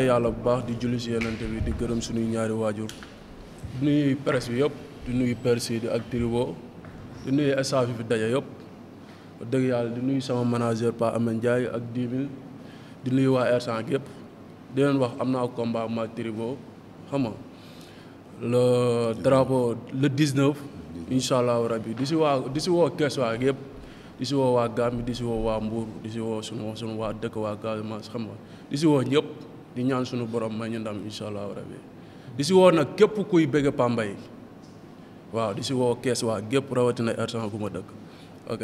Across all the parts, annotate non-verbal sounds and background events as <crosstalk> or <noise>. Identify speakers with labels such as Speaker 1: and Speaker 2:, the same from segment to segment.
Speaker 1: yàlla bu baax di julli si yenente bi di gërëm suñuy ñaari waajur di nuyu presse bi yëpp di nuyu persi di ak tribo di nuyu staff bi fi daje yëpp dëgg yàlla di nuyu sama manager Pa Amen Ndiaye ak 10 000 di nuyu waa Ersan yëpp di leen wax am naa combat ma tribo xam nga le drapeau le 19 incha allahu rabi di si waa di si woo kees waa yëpp di si woo waa Gambie di si woo waa Mbour di si woo sunu sunu waa dëkk waa Casamance xam nga di si woo ñëpp di ñaan suñu borom may ñu ndam incha allahu rabi di si woo nag képp kuy bëgg Pambay waaw di si woo kees waa gépp rawatina arsan gu ma dëkk ok.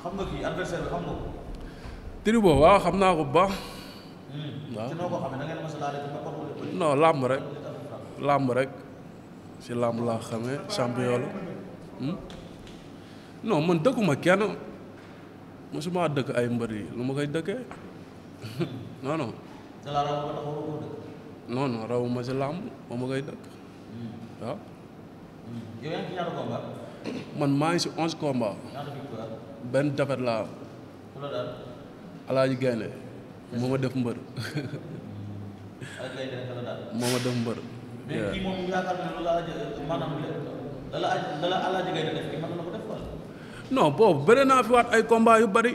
Speaker 2: xam
Speaker 1: Tribo waaw xam naa ko bu baax. Hmm. waaw ci noo ko làmb rek. làmb rek si làmb laa xamee champion la hmm? non man dëkkuma kenn mosuma dëkk ay mbër yi lu ma koy dëkkee <laughs> non
Speaker 2: dala raw ba tax waroo koo dëkk.
Speaker 1: non non rawuma si làmb moom ma koy dëkk. Hmm.
Speaker 2: Hmm.
Speaker 1: man maa ngi si onze combat. benn defet la daal. Gaynde. moo ma def mbër.
Speaker 2: <laughs> moo ma def
Speaker 1: mbër. mais boobu bëri naa fi waat ay combat yu bari.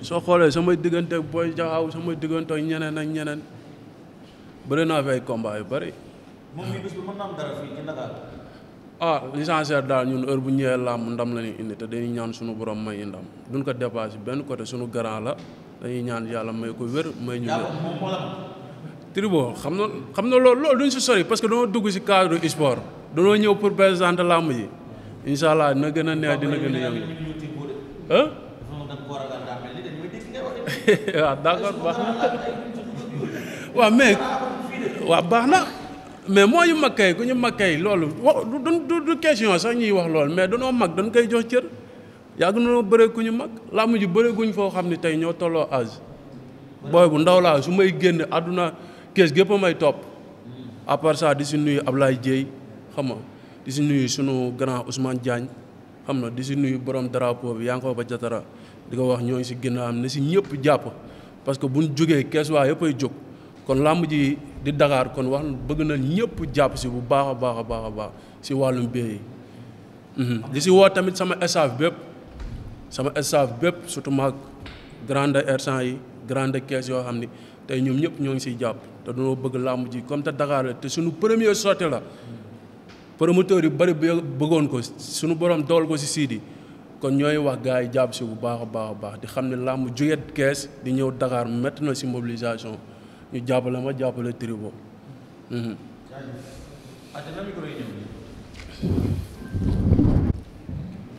Speaker 1: soo xoolee sama diggante booy jaxaw sama diggante ak ñeneen ak ñeneen bëri naa fi ay combat yu bari moom mii ah l'essentiel daal ñun heure bu ñëwee làmb ndam la indi te dañuy ñaan suñu borom may ndam duñ ko dépassé benn côté suñu grand la dañuy ñaan yàlla may ko wér may ñu wér. Tribo xam na xam na lool loolu duñ si sori parce que dañoo dugg si cadre sport dañoo ñëw pour présenter làmb yi incha allah dina gën a neex dina gën a yëngu. waa <laughs> ah, d'accord baax na <laughs> waaw mais waa baax na mais moo yu mag kay ku ñu mag kay loolu wax du du question sax ñuy wax loolu mais danoo mag dañ koy jox cër yàgg nañoo bëree ku ñu mag làmb ji bëree guñ foo xam ni tey ñoo tolloo âge booy bu ndaw laa su may génn àdduna kees gépp may topp à part ça di si nuyu Ablaye Dieye xam nga di si nuyu sunu grand Ousmane Diagne xam na di si nuyu borom drapeau bi yaa ngi ko ba jatara di ko wax ñooñu si a am na si ñëpp jàpp parce que bu buñ jógee kees waa yëpp ay jóg kon làmb ji di dakaar kon wax bëgg na ñëpp jàpp si bu baax a baax a baax a baax si wàllum béy yi. Mhm. di si woo tamit sama staff bépp sama staff bépp surtout maag grande hersan yi grande kees yoo xam ni tey ñoom ñëpp ñoo ngi siy jàpp te dañoo bëgg làmb ji comme te dakaar la te suñu première sortie la promoteur yu bari bëggoon ko sunu borom dool ko si Sidi. kon ñooy wax gars yi jàpp si bu baax a baax baax di xam ne làmb jóge kees di ñëw dakaar mett na si mobilisation ñu jàppale ma jàppale Tribo. Mhm.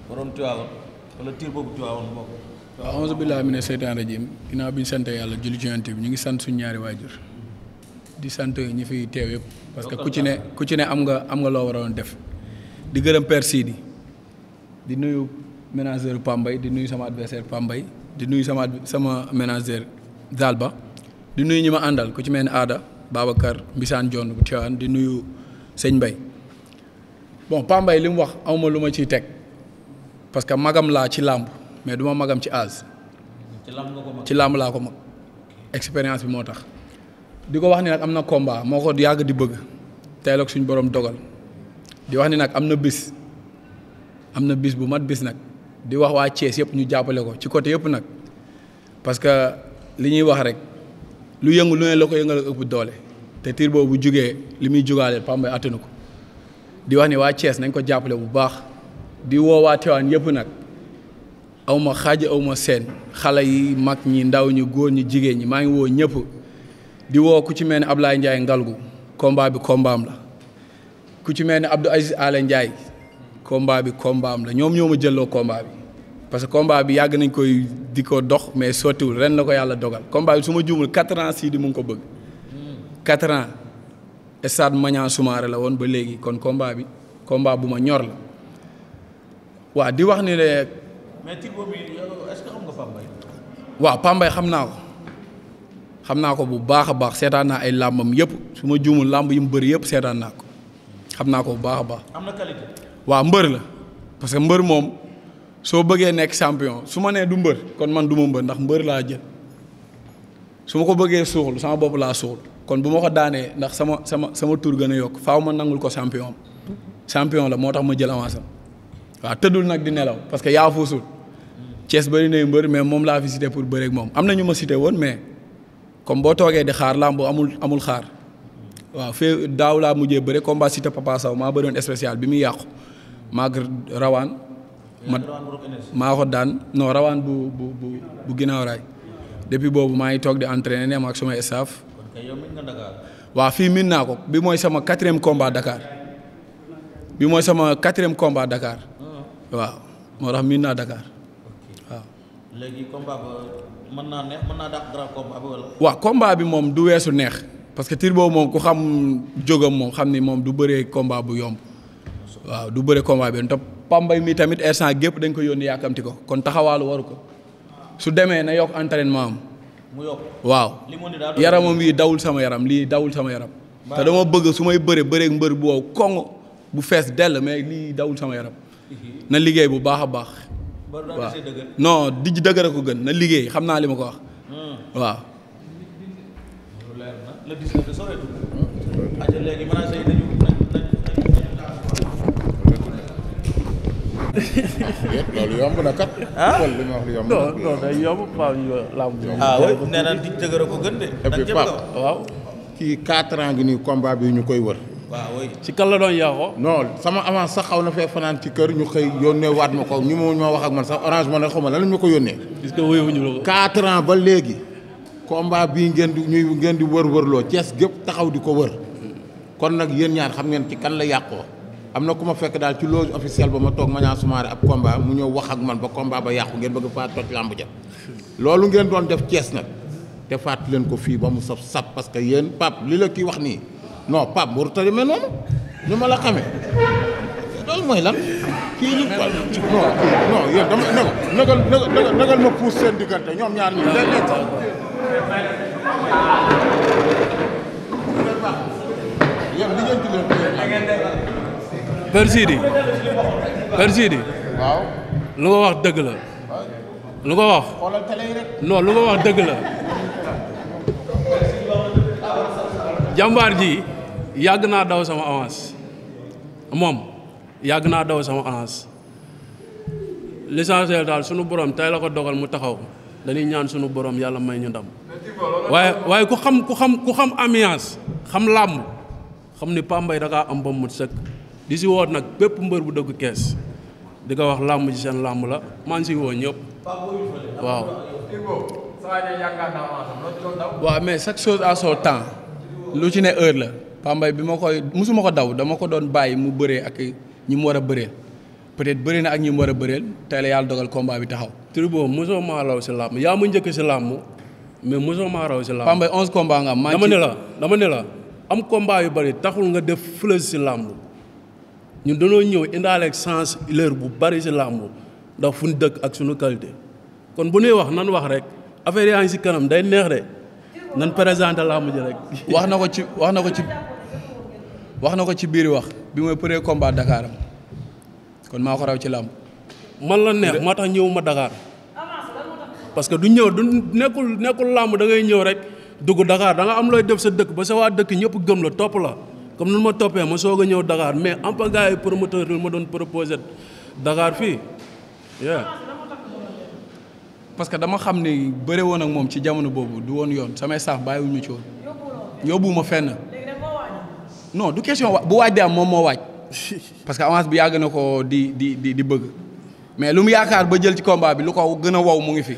Speaker 1: borom Tiwaawan wala tir boobu Tiwaawan bokk. waaw bi ñu sant yàlla julli ci bi ñu ngi sant suñu ñaari waajur di sant ñi fi teew yëpp. parce que ku ci ne ku ci ne am nga am nga loo waroon def. di gërëm Père di nuyu ménageur Pambay di nuyu sama adversaire Pambay di nuyu sama sama ménageur ba di nuyu ñi ma àndal ku ci mel ni Aada Babacar Mbisaan John bu Tiwaan di nuyu sëñ Mbay bon Pambay li mu wax awma lu ma ciy teg parce que magam laa ci làmb mais du ma magam ci âge. ci làmb ko ci làmb laa ko mag expérience bi moo tax. di ko wax ni nag am na combat moo ko yàgg di bëgg tey la suñ borom dogal di wax ni nag am na bis am na bis bu mat bis nag. di wax waa Thiès yëpp ñu jàppale ko ci côté yëpp nag parce que li ñuy wax rek lu yëngu lu ne la ko yëngal ak ëpp doole te tiir boobu bu jugee li muy jugaale Pambay attanu ko di wax ni waa Thiès nañ ko jàppale bu baax di woo waa Tivaouane yëpp nag awma xaaj xaaja aw seen xale yi mag ñi ndaw ñi góor ñi jigéen ñi maa ngi woo ñëpp di woo ku ci mel ne Ablaye Ndiaye ngalgu combat bi combat am la ku ci mel ne Abdou Aziz Alé Ndiaye combat bi kombaam am la ñoom ñoo ma jëlloo combat bi parce que bi yàgg nañ koy di ko dox mais sottiwul ren la ko yàlla dogal combat bi su ma juumul quatre ans ko bëgg quatre ans stade Maniang la woon ba léegi kon combat bi combat bu ma ñor la waaw di wax ni ne. mais xam naa ko xam naa ko bu baax a baax seetaan naa ay làmbam yëpp su ma làmb yi mu bëri yëpp seetaan naa ko xam naa ko bu baax a baax. waaw mbër la parce que mbër moom soo bëggee nekk champion su ma nee du mbër kon man du ma mbër ndax mbër laa jël su ma ko bëggee suuxlu sama bopp laa suuxlu kon bu ma ko daanee ndax sama sama sama tur gën a yokk faaw ma nangul ko champion champion la moo tax ma jël avance am waaw tëddul nag di nelaw parce que yaa fuusul Thiès bëri nay mbër mais moom laa fi cité pour bëreeg moom am na ñu ma cité woon mais comme boo toogee di xaar làmb amul amul xaar waaw fee daaw laa mujjee bëre combat cité maa bëri woon bi muy yàqu. maa rawaan. ma maa ko daan non rawaan bu bu bu bu ginnaaw raay depuis boobu maa ngi toog di entraîner ne ak sumay staff. waaw fii min naa ko bi mooy sama quatrième combat Dakar bi mooy sama quatrième combat Dakar ah. waaw moo tax min naa Dakar
Speaker 2: waaw. léegi
Speaker 1: bi moom du weesu neex parce que Turbo moom ku xam jógam moom xam ni moom du bëree combat bu yomb. waaw du bëre combat bi te pambay mi tamit instant gépp dañ ko yónni yàkkamti ko kon taxawaalu waru ko su demee na yokk entraînement am.
Speaker 3: mu yokk waaw. yaramam
Speaker 1: yi dawul sama yaram lii dawul sama yaram. te dama bëgg su may bëre bëreeg mbër bu wow koŋŋ bu fees dell mais lii dawul sama yaram. <laughs> na liggéey bu baax a baax. waaw non di dëgër ko gën na liggéey xam naa li ma ko wax. Hmm. waaw.
Speaker 2: loolu yomb na kat. ah li ah di dëgër ko gën de. et puis Pape waaw. gi nii combat bii ñu koy wër. waaw ah ci kan la doon yàqoo. non sama avance sax xaw na fee fanaan ci kër ñu xëy yónnee waat ma ko ñu ma wax ak man sax orange man xaw ma lan la ñu ko yónnee. est-ce que wéyuñu la ko. ba léegi. combat bii ngeen di ñuy ngeen di wër-wërloo cees gépp taxaw di ko wër. kon nag yéen ñaar xam ngeen ci kan la yàqoo. am na ku ma fekk daal ci loge officielle ba ma toog ma ñaa sumaare ab mu ñëw wax ak man ba combat ba yàqu ngeen bëgg faa toj làmb loolu ngeen doon def Cees nag te faat leen ko fii ba mu saf saf parce que yéen Pape li la kii wax nii non Pape bu tëddee mais noonu ñu ma la xamee loolu mooy lan. kii nii quoi non non yéen dama nagal nagal nagal ma puus seen diggante ñoom ñaar ñi léeg-léeg sax.
Speaker 1: Père Sidi Père Sidi. lu nga wax dëgg la. lu nga wax.
Speaker 2: xoolal
Speaker 1: lu nga wax dëgg la. jàmbaar ji yàgg naa daw sama avance moom yàgg naa daw sama avance l'essentiel daal sunu borom tey la ko dogal mu taxaw dañuy ñaan sunu borom yàlla may ñu ndam waaye waaye ku xam ku xam ku xam làmb xam ni Pambay da kaa am ba mu sëkk. di si woon nag bépp mbër bu dëgg kees di ko wax làmb ji seen làmb la maa ngi si woo ñëpp waaw mais chaque chose à son temps lu ci ne heure la Pambay bi ma koy musuma ko daw dama ko doon bàyyi mu bëree ak ñi mu war a bëreel peut-être bëri na ak ñi mu war a bëreel tey la yàlla dogal combat bi taxaw. Turbo mosoo maa raw si làmb yaa ma njëkk si làmb mais mosoo maa raw si làmb. Pambay onze combat nga am. dama ne la dama ne la am combat yu bari taxul nga def flèche si làmb. ñun dañoo ñëw indaale ak sens leer bu bari si làmb ndax fu ñu dëkk ak suñu qualité kon bu ñuy wax nan wax rek affaire yaa ngi si kanam day neex de nan présenté làmb ji rek. wax na ko ci wax na ko ci wax na ko ci biir wax bi mooy premier combat dakaaram kon maa ko raw ci làmb. man la neex moo tax ñëwuma dakaar parce que du ñëw du nekkul nekkul làmb da ngay ñëw rek dugg dakaar da nga am looy def sa dëkk ba sa waa dëkk ñëpp gëm la topp la. comme nu ma toppee ma soog a ñëw Dakar mais am pa gars yi promoteur lu ma doon proposé Dakar fii parce que dama xam ni bëre woon ak moom ci jamono boobu du woon yoon samay saaf bàyyiwuñu ci woon yóbbuwuma fenn non du question bu waaj di am moom moo waaj <laughs> parce que avance bi yàgg na ko di di di di bëgg mais lu mu yaakaar ba jël ci combat bi lu ko gën a wow mu ngi fi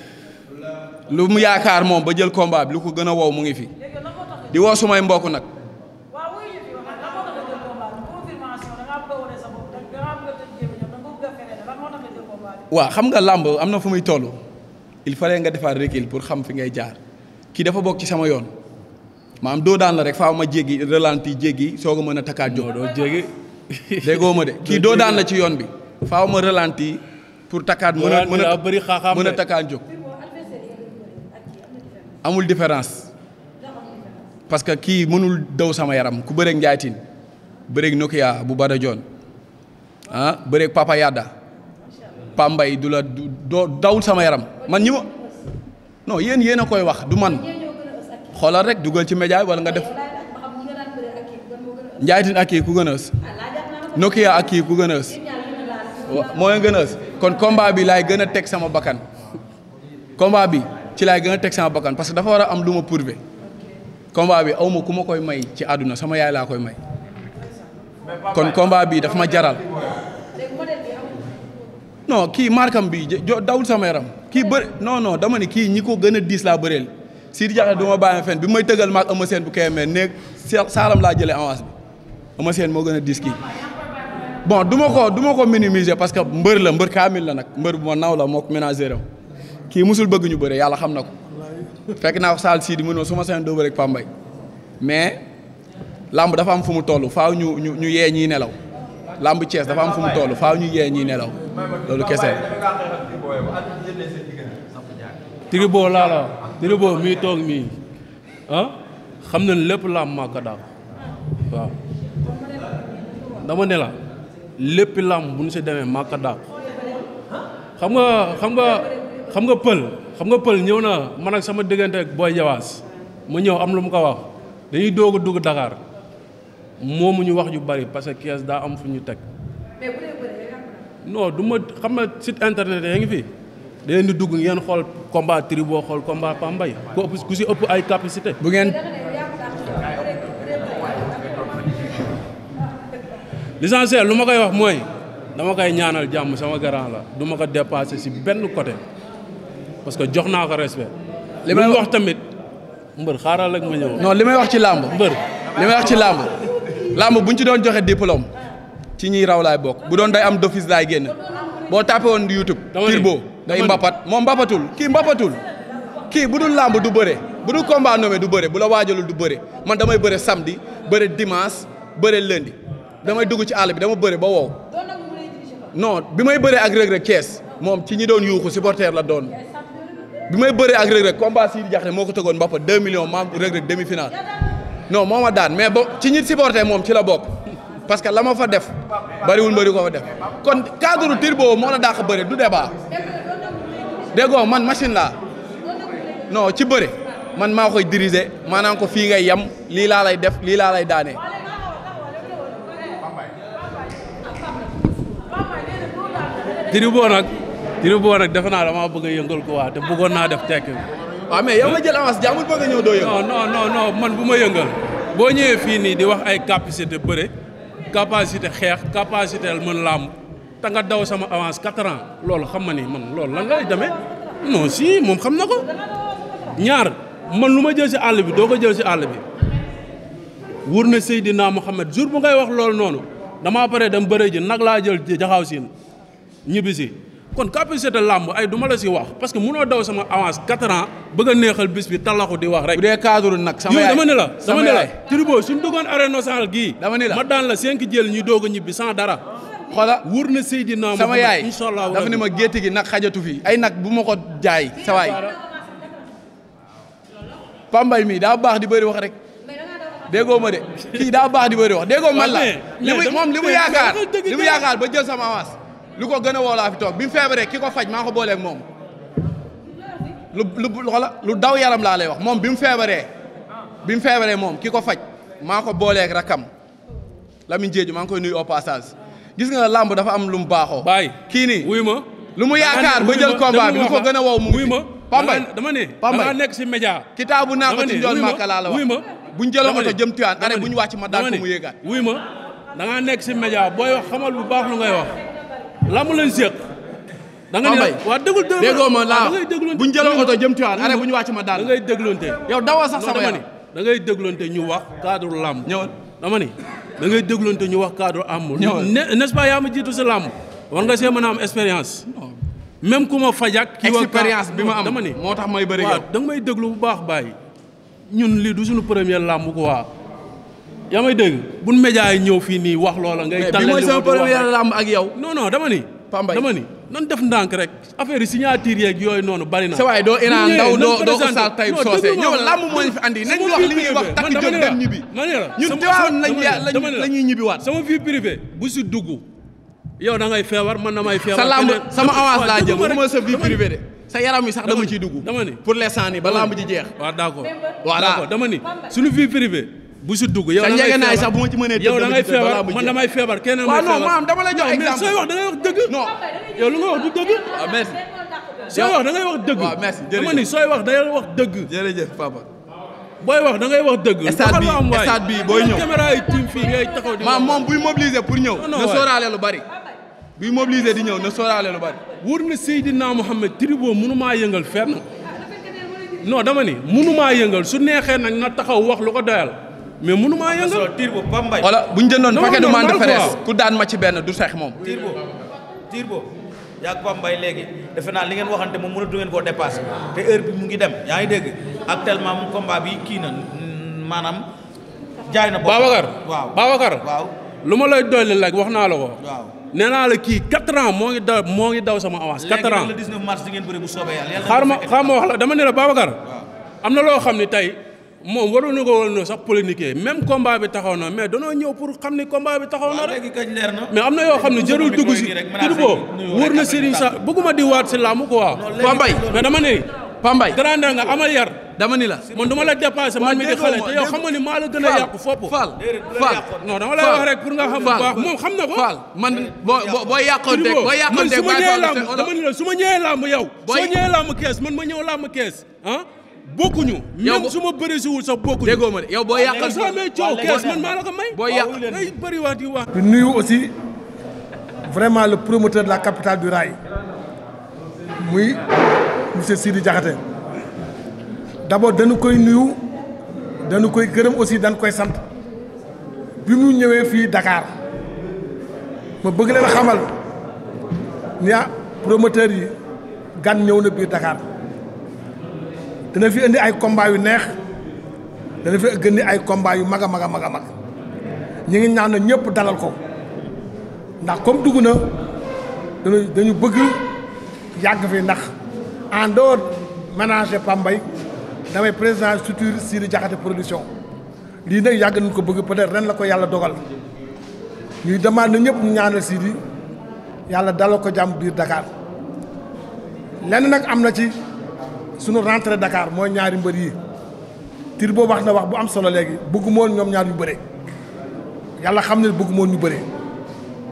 Speaker 1: lu mu yaakaar moom ba jël combat bi lu ko gën a wow mu ngi fi di woo sumay mbokk nag waaw xam nga làmb am na fu muy toll il fallait nga defar recul pour xam fi ngay jaar kii dafa bokk ci sama yoon maam doo daan la rek faaw ma jéggi ralenti jéggi soo a mën a takkaat jóg. <laughs> déggoo ma de. kii doo daan la ci yoon bi faaw ma ralenti pour takkaat. mën a mën a bëri xaaxaam mën a takkaat jóg. amul différence parce que kii mënul daw sama yaram ku bëreeg Ndiaye Tine bëreeg Nokia bu Bada Joon ah bëreeg mbay du la du doo dawul sama yaram man ñi ma non yéen yéen a koy wax du man xoolal rek dugal ci média wala nga def njaaytin ak kii ku gën a ës Nokia ak kii ku gën a ës mooy gën a ës kon combat bi laay gën a teg sama bakkan combat bi ci laay gën a teg sama bakkan parce que dafa war a am lu ma prouver combat bi awma ku ma koy may ci àdduna sama yaay laa koy may kon combat bi dafa ma jaral non kii markam bi dawul sama yaram kii bëri non dama ne kii ñi ko gën a diis laa bëreel Sidi Diakhaté du ma bàyyi fen bi may tëggal maag Eumeu bu Kébémer néeg saalam laa jëlee avance bi Eumeu Sène moo gën a diis kii bon du ma ko du ma ko minimiser parce que mbër la mbër kaamil la nag mbër bu ma naw la moo ko ménager am kii musul bëgg ñu bëri yàlla xam na
Speaker 3: ko
Speaker 1: fekk naa ko saal di mu ne su ma seen doo bëre ak Pambay mais làmb dafa am fu mu toll faaw ñu ñu ñu yee ñiy nelaw làmb Thiès dafa am fu mu toll faaw ñu yee ñuy nelaw loolu kese Tribot laa la Tribot mii toog mii ah? xam na lépp làmb maa ko daaw dama ne lépp làmb bu ñu si demee maa ko xam nga xam nga xam nga pël xam nga pël ñëw naa man ak sama diggante booy jawaas ma ñëw am lu mu ko wax dañuy doog a dugg Dakar ñu wax yu bari parce que kees daa am fu ñu teg. no bu du ma xam nga sit internet yaa ngi fi. da leen di dugg ngeen xool combat tribo xool combat Pambay ku ëpp ku si ëpp ay capacité. bu ngeen. l'essentiel lu ma koy wax mooy dama koy ñaanal jàmm sama grand la duma ko dépassé si benn côté parce que jox naa ko respect. li may wax tamit mbër xaaral rek ma ñëw. non li may wax ci làmb. mbër li may wax ci làmb. làmb bu ñu ci doon joxe diplôme ci ñiy raw laay bokk bu doon day am d'office laay génn boo tapé woon YouTube. Turbo day mbappat moom mbapatul kii mbapatul kii bu dul làmb du bëre bu dul combat nommé du bëre bu la waajalul du bëre man damay bëre samedi bëre dimanche bëre lundi damay dugg ci àll bi dama bëre ba wow. non bi may bëre ak Reug Reug Thiès moom ci ñi doon yuuxu supporter la doon bi may bëree ak Reug Reug combat si jaxle moo ko tegoon mbappa 2 millions maam Reug Reug demi-finale. non moom a daan mais ba ci ñi supporté moom ci la bokk parce que la moo fa def bariwul mbëri ko fa def kon cadre turbo moo la dàq bëri du débat déggoo man machine laa non ci bëri man maa koy diriger maanaam ko fii ngay yem lii laa lay def lii laa lay daanee turbo nag turbo nag defe naa dama bëgg a ko waa te bëggoon naa def tekk waaw ah, amee yow nga jël avance jaamul bëgg a ñëw doo yëngal. non non man bu ma yëngal boo ñëwee fii nii di wax ay capacité bëre capacité xeex capacité mën làmb te nga daw sama avance 4 ans loolu xam ma ni man loolu lan ngay demee non si moom xam na ko ñaar man lu ma jël si àll bi doo ko jël si àll bi wóor na Seydina Mohamed jour bu ngay wax loolu noonu damaa pare dem bëre ji nag laa jël jaxaw siin ñibbi si. kon capacité de làmb ay du la si wax parce que munoo daw sama avance 4 ans bëgg a neexal bis bi talaxu di wax rek. bu dee cadre nag sama yaay dama ne la dama ne la. Turbo suñ duggoon arène nationale gii. dama ne la ma daan la 5 jël ñu doog a ñibbi sans dara. xoola wóor na Seydina sama ne ma gétt gi nag xajatu fi ay nag bu ma ko jaay sa waay. Pambay mi daa baax di bëri wax rek. déggoo ma de kii daa baax di bëri wax déggoo man <laughs> la. li mu moom li mu yaakaar li mu yaakaar ba jël sama avance. lu ko gën a woo laa fi toog bi mu feebaree ki ko faj maa ko booleeg moom lu lu lu daw yaram laa lay wax moom bi mu feebaree bi mu feebaree moom ki ko faj maa ko booleeg rakam Lamine Diédhiou maa ngi koy nuyu au passage gis nga làmb dafa am lu mu baaxoo. baay kii nii wuy ma. lu mu yaakaar ba jël combat bi lu ko gën a wow mu ngi ma Pambay dama ne dama nekk si média. kitaabu naa ko ci njool màkka laa la bu buñ jëloon oto jëm Tiwaan arrêt buñ wàcc ma daal ko mu yéegaat. wuy ma da ngaa nekk si média booy wax xamal lu ngay wax. lamb lañ séq da nga ne waa déglu déggoo ma laa buñ jëloo oto jëm Tiwaawan arrêt bu ñu wàcc ma daal ngay dégloonte yow dawal sax sama ni da ngay dégloonte ñu wax cadre lamb ñëwal dama ni dangay ngay dégloonte ñu wax cadre am n'est-ce pas yaa ma jiitu si lamb war nga see mën a am expérience même ku ma fajak ki expérience bi ma am dama ni moo tax may bëri waaw da may déglu bu baax bàyyi ñun lii du suñu première lamb waa yaa may dégg buñ média yi ñëw fii nii wax loola ngay. tànn li mooy sama première làmb ak yow. non non dama ni. Pambay dama ni nan def ndànk rek affaire yi signature yeeg yooyu noonu bari na. sa doo Iran Ndaw doo doo Oustaz Taïb Socé yow làmb moo ñu fi andi nañ wax li ñuy wax takk jóg dem ñibbi. man sama vie privée bu si dugg yow da ngay feebar man damay feebar. sa làmb sama avance laa jëm waxuma sa vie privée de. sa yaram yi sax dama ciy dugg. dama ni pour l'instant nii ba làmb ji jeex. waaw d'accord d'accord dama ni bu si dugg yow da ngay feebar sax bu ci mënee yow da ngay feebar man damay feebar kenn damay feebar waaw non maam dama lay jox exemple mais sooy wax da wax dëgg. non yow lu nga wax du dëgg. waaw merci. Ah, sooy wax da ngay wax ni sooy wax da ngay wax dëgg. jërëjëf papa. booy wax da ngay wax dëgg. stade bi stade bi booy ñëw caméra yi tiim fii ngay taxaw di. maam moom buy mobiliser pour ñëw. na sóoraale lu bari. buy mobiliser di ñëw na sóoraale lu bari. wóor na Seydina Mouhamed tribo mënumaa yëngal fenn noo dama ni mënumaa yëngal su neexee nag na taxaw wax lu ko doyal mais mënu maa ah, yëngal tiir boobu Pambay. wala bu ñu jëndoon paquet de mande ku daan ma ci benn du xeex moom. tiir boobu tiir boobu yaa ngi léegi defe naa li ngeen waxante moom mënatu ngeen koo dépassé te heure bi mu ngi dem yaa ngi dégg actuellement mu combat bi kii na maanaam jaay na. Babacar waaw Babacar waaw. lu ma lay dolli rek wax naa la ko. waaw nee naa la kii 4 ans moo ngi daw moo ngi daw sama avance. 4 ans léegi
Speaker 2: le 19 mars di ngeen bëri bu xaar ma
Speaker 1: xaar ma wax la dama ne la na loo xam ne tey moom waruñu ko woon sax polémique même combat bi taxaw na mais danoo ñëw pour xam ni combat bi taxaw na rek am na yoo xam ne jërul dugg si Turbo wóor na Serigne sa bëgguma di waat si ko quoi Pambay mais dama ne Pambay grand nga amal yar dama ni la man du ma la dépassé man mi di xale te yow xam nga ni maa la gën a yàqu fopp faal faal non dama lay wax rek pour nga xam bu xam na ko faal man boo boo yàqoonteeg boo yàqoonteeg man su ma ñëwee làmb dama ni la su ma ñëwee làmb yow soo ñëwee làmb bokkuñu. yow même su ma bëree si wul sax bokkuñu. déggoo ma de yow boo yàqal soo amee coow kees man maa la ko may. boo yàq bëri waat yi wax. di nuyu aussi
Speaker 2: vraiment le promoteur la capitale du rail muy monsieur Sidi Diakhaté d' abord dañu koy nuyu danu koy gërëm aussi dañu koy sant bi mu ñëwee fii dakaar ma bëgg leen xamal ni ah, promoteur yi gan ñëw na biir Dakar. dana fi indi ay combat yu neex dana fi gën ay combat yu mag a mag a mag a mag ñu ngi ñaan na ñëpp dalal ko ndax comme dugg na dañu dañu bëgg yàgg fii ndax en dehors ménager Pambay damay président structure Sidi Diakhaté production lii nag yàgg nañ ko bëgg peut ren la ko yàlla dogal ñuy demande na ñëpp ñu ñaanal Sidi yàlla dalal ko jàmm biir Dakar lenn nag am na ci suñu rentrée dakaar mooy ñaari mbër yi tir boobu wax na wax bu am solo léegi bëgguma woon ñoom ñaar yu bëre yàlla xam ne bëgguma ñu bëre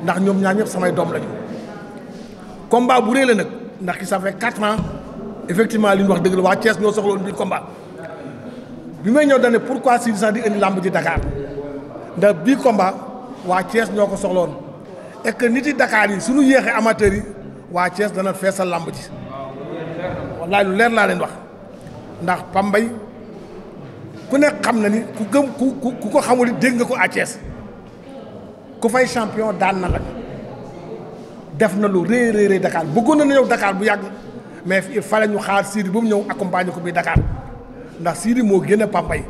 Speaker 2: ndax ñoom ñaar ñëpp samay doom lañu combat bu rëy la nag ndax is ça fait quatre ans effectivement li ñu wax dëgg la waa Thiès ñoo soxla woon komba bi may ñëw dane pourquoi si sax di indi làmb ji Dakar ndax bii combat waa Thiès ñoo ko soxla woon et que nit yi Dakar yi suñu yéexee amateurs yi waa Thiès dana feesal làmb ji wallaay lu leer laa leen wax ndax Pambay ku ne xam na ni ku gëm ku ku ko xamul dégg nga ko à ku fay champion daan na la def na lu rëy rëy rëy Dakar bëggoon na ñëw dakaar bu yàgg mais il fallait ñu xaar Sidi ba mu ñëw accompagner ko bii Dakar ndax Sidi moo génne Pambay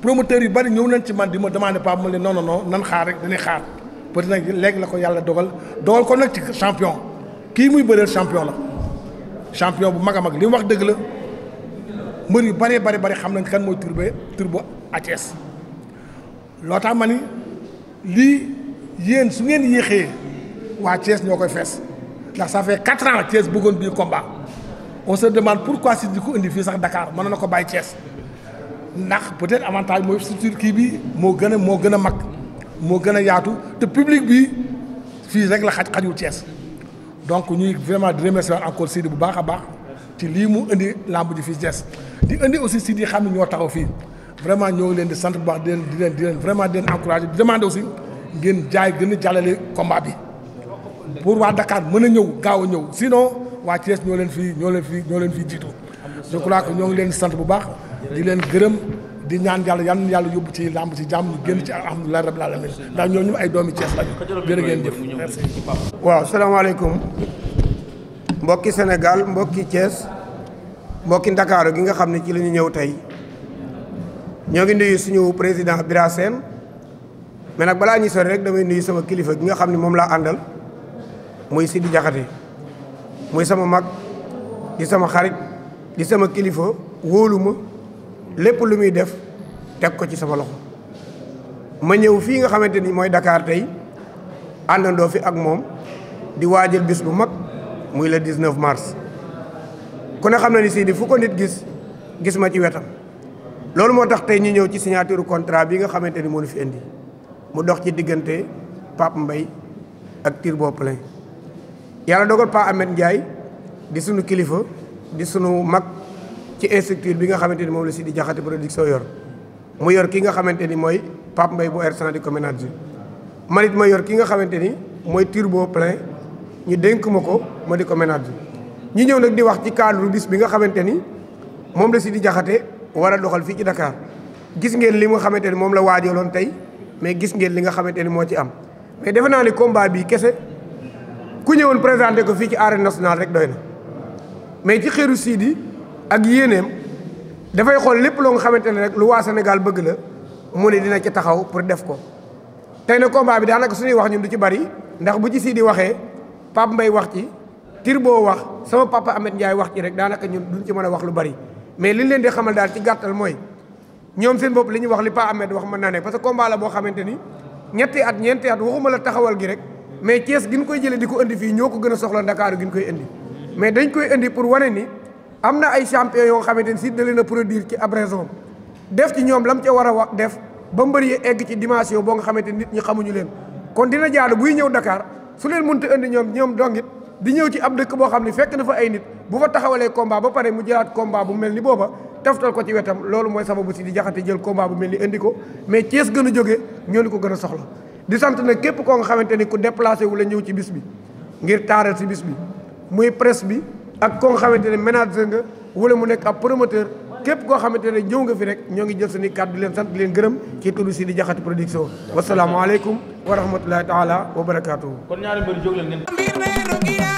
Speaker 2: promoteur yi bari ñëw nañ ci man di ma demandé Pape ma leen non non nan xaar rek dañuy xaar peut-être nag léegi la ko yàlla dogal dogal ko nag ci champion kii muy bëreel champion la. champion bu mag a mag li mu wax dëgg la mbër yu bëree bëri bëri xam nañ kan mooy Turbo Turbo Thiès loo tax ma ni lii yéen su ngeen yéexee waa Thiès ñoo koy fees ndax ça fait quatre ans bëggoon bii combat on se demande pourquoi si di ko indi fii sax dakaar Dakar ne na ko bàyyi Thiès ndax peut-être avantage mooy structure kii bi moo gën a moo gën a mag moo gën a yaatu te publique bi fii rek la xaj xajul Thiès. donc ñuy vraiment di remercier encore Sidi bu baax a baax ci lii mu indi làmb ji fi jees di indi aussi Sidi xam ne ñoo taxaw fii vraiment ñoo ngi leen di sant bu baax di leen di leen di leen vraiment di leen encouragé di demande aussi ngeen jaay gën a jàllale combat bi pour waa Dakar mën a ñëw gaaw a ñëw sinon waa Thiès ñoo leen fii ñoo leen fii ñoo leen fii jiitu je crois que ñoo ngi leen sant bu baax di leen gërëm di ñaan yàlla yal na yàlla yóbbu ci làmb ci jàmm ñu génn ci alhamdulilah rabbil alamin ndax ñoo ñu ay doomi Cees
Speaker 1: lañu jërë ngeen
Speaker 2: jëf merci
Speaker 3: waaw salaamaaleykum mbokki Sénégal mbokki Cees mbokki Ndakaaru gi nga xam ne ci la ñu ñëw tey ñoo ngi nuyu suñu président Bira Sène mais balaa ñuy sori rek damay nuyu sama kilifa gi nga xam ne moom laa àndal muy Sidi Jaxate muy sama mag di sama xarit di sama kilifa wóolu lépp lu muy def teg ko ci sama loxo ma ñëw fii nga xamante ni mooy dakaar tey àndandoo fi ak moom di waajal bis bu mag muy le 19 mars. ku ne xam na ni Sidi fu ko nit gis gis ma ci wetam loolu moo tax tey ñu ñëw ci signature contrat bi nga xamante ni moo ñu fi indi mu dox ci diggante Pape mbay ak Turbo Plein yàlla dogal Pa Ahmed Ndiaye di sunu kilifa di sunu mag. ci instructure bi nga xamante ni moom la si di jaxate production yor mu yor ki nga xamante ni mooy Pape Mbaye bu R100 di ko it ma yor ki nga xamante ni mooy turbo plein ñu dénk ma ko ma di ko ménager ñu ñëw nag di wax ci cadre bis bi nga xamante ni moom la si di jaxate war doxal fii ci Dakar gis ngeen li nga xamante ni moom la waajaloon tey mais gis ngeen li nga xamante ni moo ci am defe naa ne combat bii kese ku ñëwoon présenté ko fii ci arène nationale rek doy na mais ci xëru Sidi ak yéeneem dafay xool lépp loo nga xamante ne rek lu waa Sénégal bëgg la mu ne dina ci taxaw pour def ko tey na combat bi daanaka suñuy wax ñun du ci bari ndax bu ci sii di waxee Pape Mbaye wax ci boo wax sama papa Amet Ndiaye wax ci rek daanaka ñun duñ ci mën a wax lu bari mais liñ leen di xamal daal ci gàttal mooy ñoom seen bopp li ñu wax li Pape Amet wax mën naa ne parce que combat la boo xamante ni ñetti at ñeenti at waxuma la taxawal gi rek mais Thiès gi ñu koy jëlee di fii ñoo ko gën a soxla Ndakaaru gi ñu koy indi mais dañ koy indi pour wane ni am na ay champion yoo xamante ni si da leen a produire ci ab def ci ñoom lam ca war a wax def ba mbëri yi egg ci dimension boo nga xamante nit ñi xamuñu leen kon dina jaadu buy ñëw Dakar su leen mënta indi ñoom ñoom dongit di ñëw ci ab dëkk boo xam ne fekk na fa ay nit bu fa taxawalee combat ba pare mu jëlaat combat bu mel ni booba taftal ko ci wetam loolu mooy sababu si di jaxate jël combat bu mel ni indi ko mais Thiès gën a jógee ñoo ni ko gën soxla di sant képp koo nga xamante ni ku déplacé wu la ñëw ci bis bi ngir taaral si bis bi muy bi ak koo xamante ne manager nga wala mu nekk ab promoteur képp koo xamante ne ñëw nga fi rek ñoo ngi jël suñu kàddu leen sant leen gërëm ci tudd si di jaxati production wasalaamualeykum wa rahmatulahi taala wa barakaatuhu kon
Speaker 2: ñaari mbir jóg leen ngeen